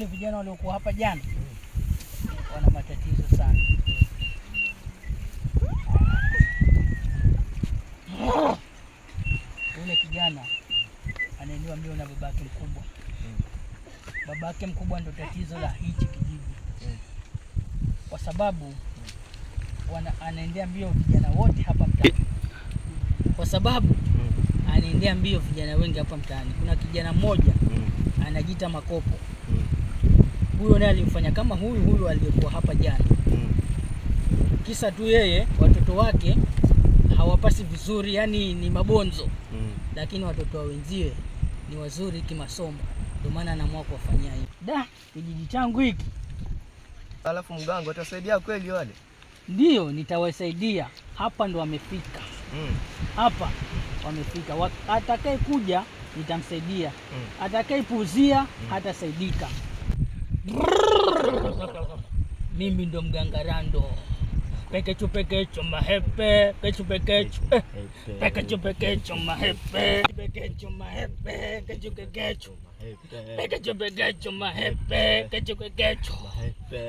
wale vijana waliokuwa hapa jana wana matatizo sana. Yule kijana anaelewa mbio na babake mkubwa, babake mkubwa ndo tatizo la hichi kijiji, kwa sababu wana anaendea mbio vijana wote hapa mtaani, kwa sababu anaendea mbio vijana wengi hapa mtaani. Kuna kijana mmoja mm. anajiita Makopo huyo naye alimfanya kama huyu huyu aliyekuwa hapa jana mm. Kisa tu yeye watoto wake hawapasi vizuri, yani ni mabonzo mm. Lakini watoto wa wenzie ni wazuri kimasomo, ndio maana anaamua kuwafanyia hivi. Da, kijiji changu hiki. Alafu mgango atasaidia kweli wale? Ndio, nitawasaidia. Hapa ndo wamefika mm. Hapa wamefika, atakaye kuja nitamsaidia mm. Atakaye puuzia mm. hatasaidika. Mimi ndo mganga Rando, pekechu pekechu mahepe, kechu pekechu eh. pekechu pekechu mahepe, pekechu mahepe, kechu kekechu pekechu pekechu mahepe, kechu kekechu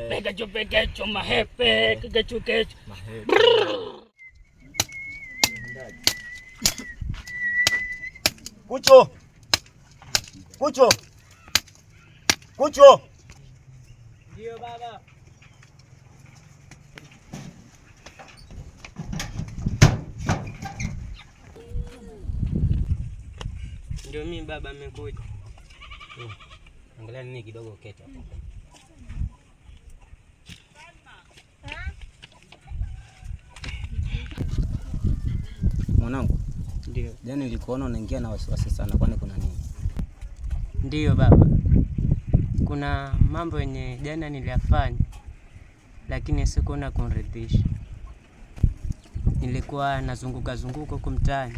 pekechu pekechu mahepe, kekechu kekechu kucho kucho kucho ndio baba. Ndio mimi baba amekuja. Hmm. Angalia nini kidogo kete Mwanangu, ndio jana nilikuona unaingia na wasiwasi sana, kwani kuna nini? Ndio baba kuna mambo yenye jana niliyafanya, lakini sikuona kuniridhisha. Nilikuwa nazunguka zunguka huko mtaani,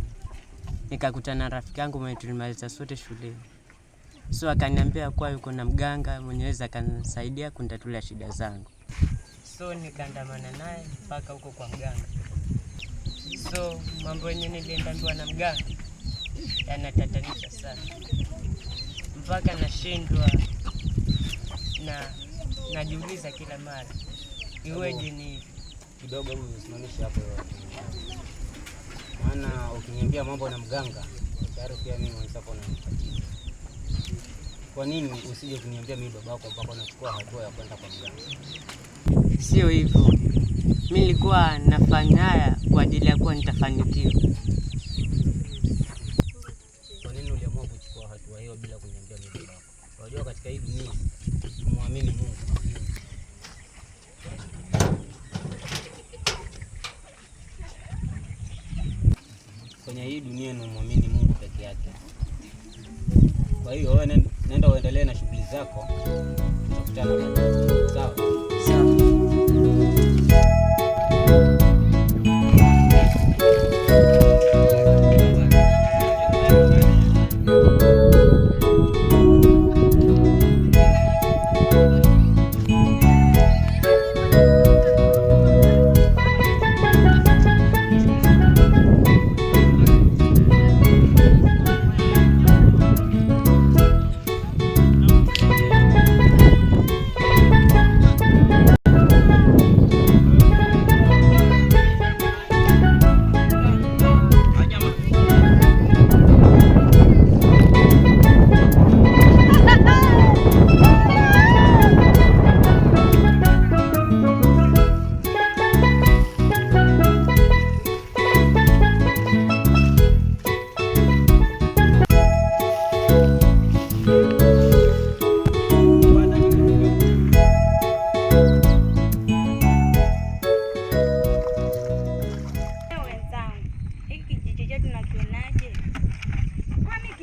nikakutana na rafiki yangu mwenye tulimaliza sote shuleni, so akaniambia kuwa yuko na mganga mwenyeweza akanisaidia kunitatulia shida zangu, so nikaandamana naye mpaka huko kwa mganga. So mambo yenye niliambiwa na mganga yanatatanisha sana mpaka nashindwa na najiuliza kila mara iweje ni Kidogo hebu hapo, maana ukiniambia mambo na mganga tayari pia mimi mwenzako Kwa nini usije kuniambia mimi babako mpaka nachukua hatua ya kwenda kwa mganga? Sio hivyo, mimi nilikuwa nafanya haya kwa ajili ya kuwa nitafanikiwa Kwa hiyo wewe nenda uendelee na shughuli zako, tutakutana baadaye. Sawa.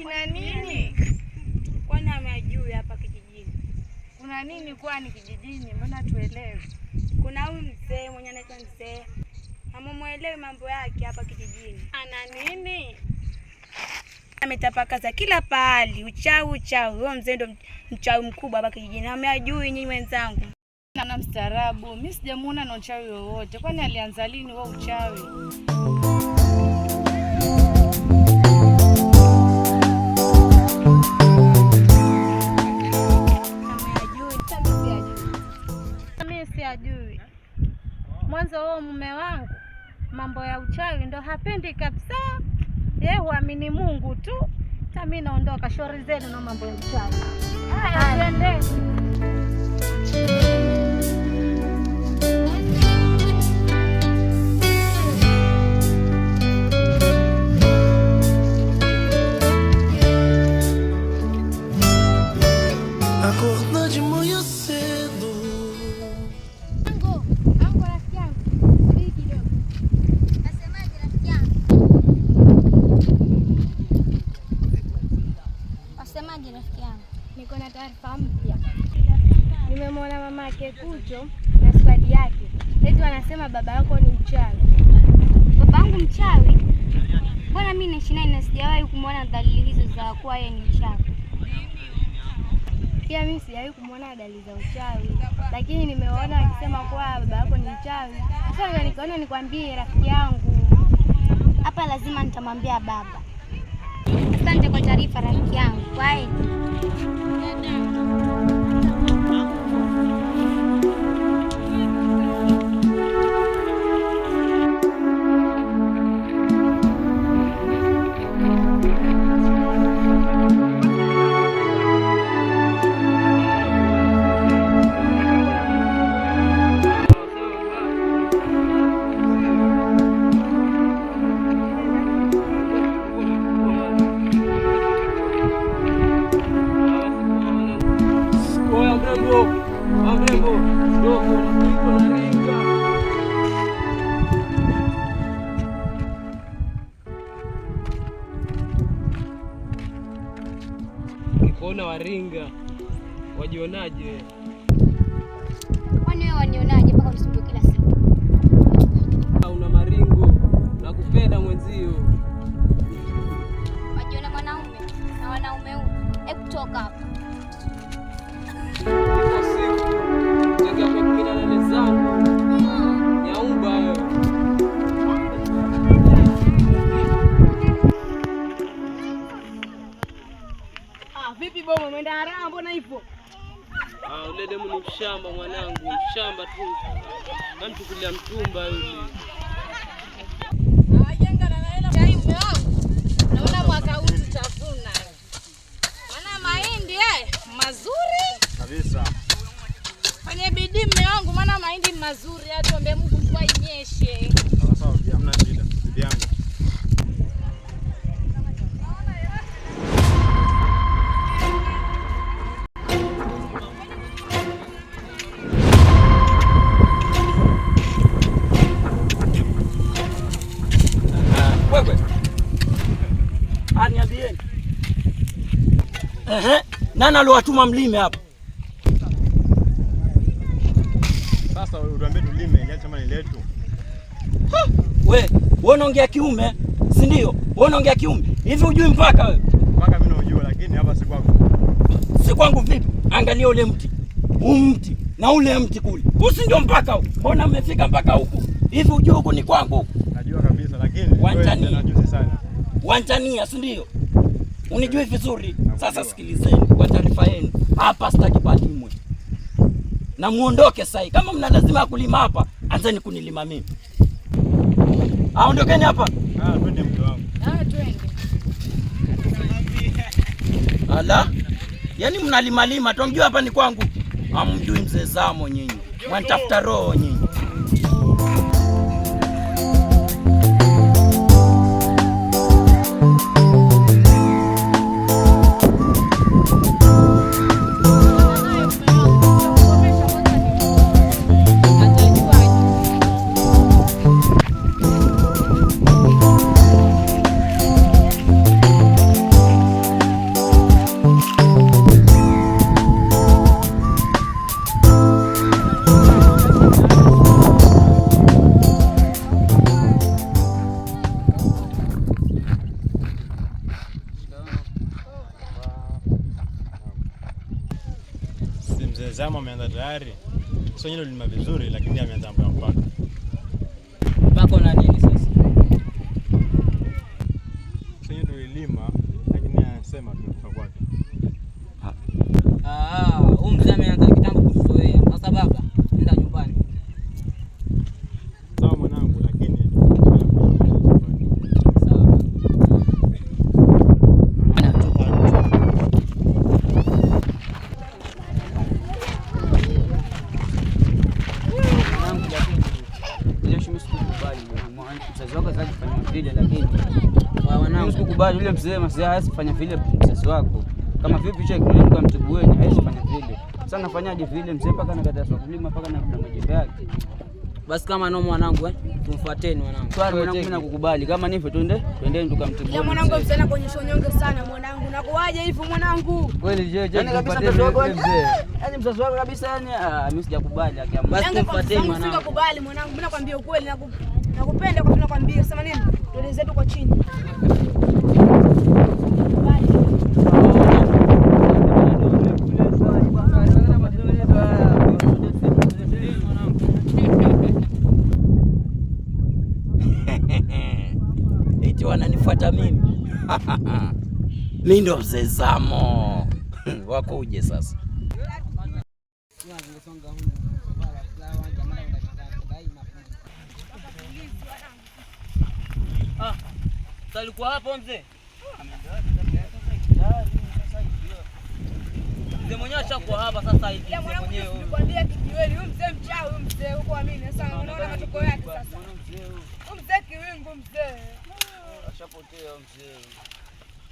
kina nini? Kwani hamajui hapa kijijini kuna nini? Kwani kijijini, mbona tuelewe? Kuna huyu mzee mwenye anaitwa mzee, hamumwelewi mambo yake hapa kijijini. Ana nini? Ametapakaza kila pahali uchawi, uchawi. Huyo mzee ndo mchawi mkubwa hapa kijijini, hamajui nyinyi wenzangu na mstaarabu. Mimi sijamuona na uchawi wowote. Kwani alianza lini wao uchawi? ajui. Mwanzo huo mume wangu mambo ya uchawi ndo hapendi kabisa, yeye huamini Mungu tu. Tami, naondoka, shauri zenu na mambo ya uchawi. Haya, twende. yake Kekucho na swali yake. Eti wanasema baba yako ni mchawi. baba yangu mchawi? Mbona mimi naishi naye na sijawahi kumwona dalili hizo za kuwa yeye ni mchawi. Pia mimi sijawahi kumwona dalili za uchawi, lakini nimeona akisema kuwa baba yako ni mchawi. Sasa nikaona nikwambie rafiki yangu. Hapa lazima nitamwambia baba. Asante kwa taarifa rafiki yangu. Bye. ujinga, wajionaje? Kwani wewe wanionaje mpaka unisumbue kila siku? Ah, una maringo, na nakupenda mwenzio. Wajiona mwanaume na wanaume huko. Hebu toka hapa. ipo mwenda haramu, mbona ipo? Ah, ule demu ni mshamba mwanangu, mshamba tu, namchukulia yaani mtumba yule. Ah, eh, mazuri kabisa. bidii mme wangu, maana mazuri, atuombe Mungu mvua inyeshe. Sawa sawa, hamna shida bibi yangu. Ehe, nani aliwatuma mlime hapa? Sasa wewe utuambie tulime ile shamba ni letu. Wewe, wewe unaongea kiume, si ndio? Wewe unaongea kiume. Hivi hujui mpaka wewe? Mpaka mimi naujua lakini hapa si kwangu. Si kwangu vipi? Angalia ule mti. Huu mti na ule mti kule. Usi ndio mpaka huko. Mbona mmefika mpaka huku? Hivi hujui huku ni kwangu. Najua kabisa lakini wewe unajua sana. Wanchania, si ndio? unijue vizuri. Sasa sikilizeni kwa taarifa yenu, hapa sitaki palimwe na muondoke sahii. Kama mna lazima ya kulima hapa, anzeni kunilima mimi. Aondokeni hapa, ah, twende mke wangu. Ah, Ala, yaani mnalimalima tu, mjua hapa ni kwangu. Hamjui mzee zamo nyinyi, mwanitafuta roho nyinyi. tayari, sio nyinyi lima vizuri, lakini ameanza mpaka mzazi wako hawezi kufanya vile, lakini kwa wanangu sikukubali yule mzee mzee hawezi kufanya vile mzazi wako. Kama vipi cha kidogo kwa mtubu wenu hawezi kufanya vile. Sasa nafanyaje vile mzee mpaka anakatazwa kulima mpaka na majembe yake. Basi kama no mwanangu eh, tumfuateni mwanangu. Swali mwanangu, mimi nakukubali. Kama nifu twende twendeni tukamtibu. Ya mwanangu msana kuonyesha nyonge sana mwanangu. nakuaje hivi mwanangu? Kweli je, je, yaani kabisa mzazi wako mzee. Eh, eh. yani mzazi wako kabisa yani, ah, mimi sijakubali akiamua. Basi tumfuateni mwanangu. Mimi mwanangu. Mimi nakwambia ukweli nakupa Nakupenda kwa tunakwambia, sema nini? dole zetu kwa chini. Eti wananifuata mimi. Mimi ndo Wako uje sasa. Alikuwa hapo mzee mzee mwenyewe ashakuwa hapa sasa hivi. Nikwambia kijiweni,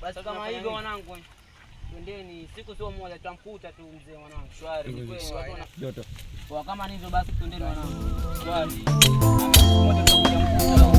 Basi kama hivyo wanangu, twendeni, siku sio moja tutamkuta tu mzee wanangu. Shwari. Kwa kama nivyo basi twendeni wanangu.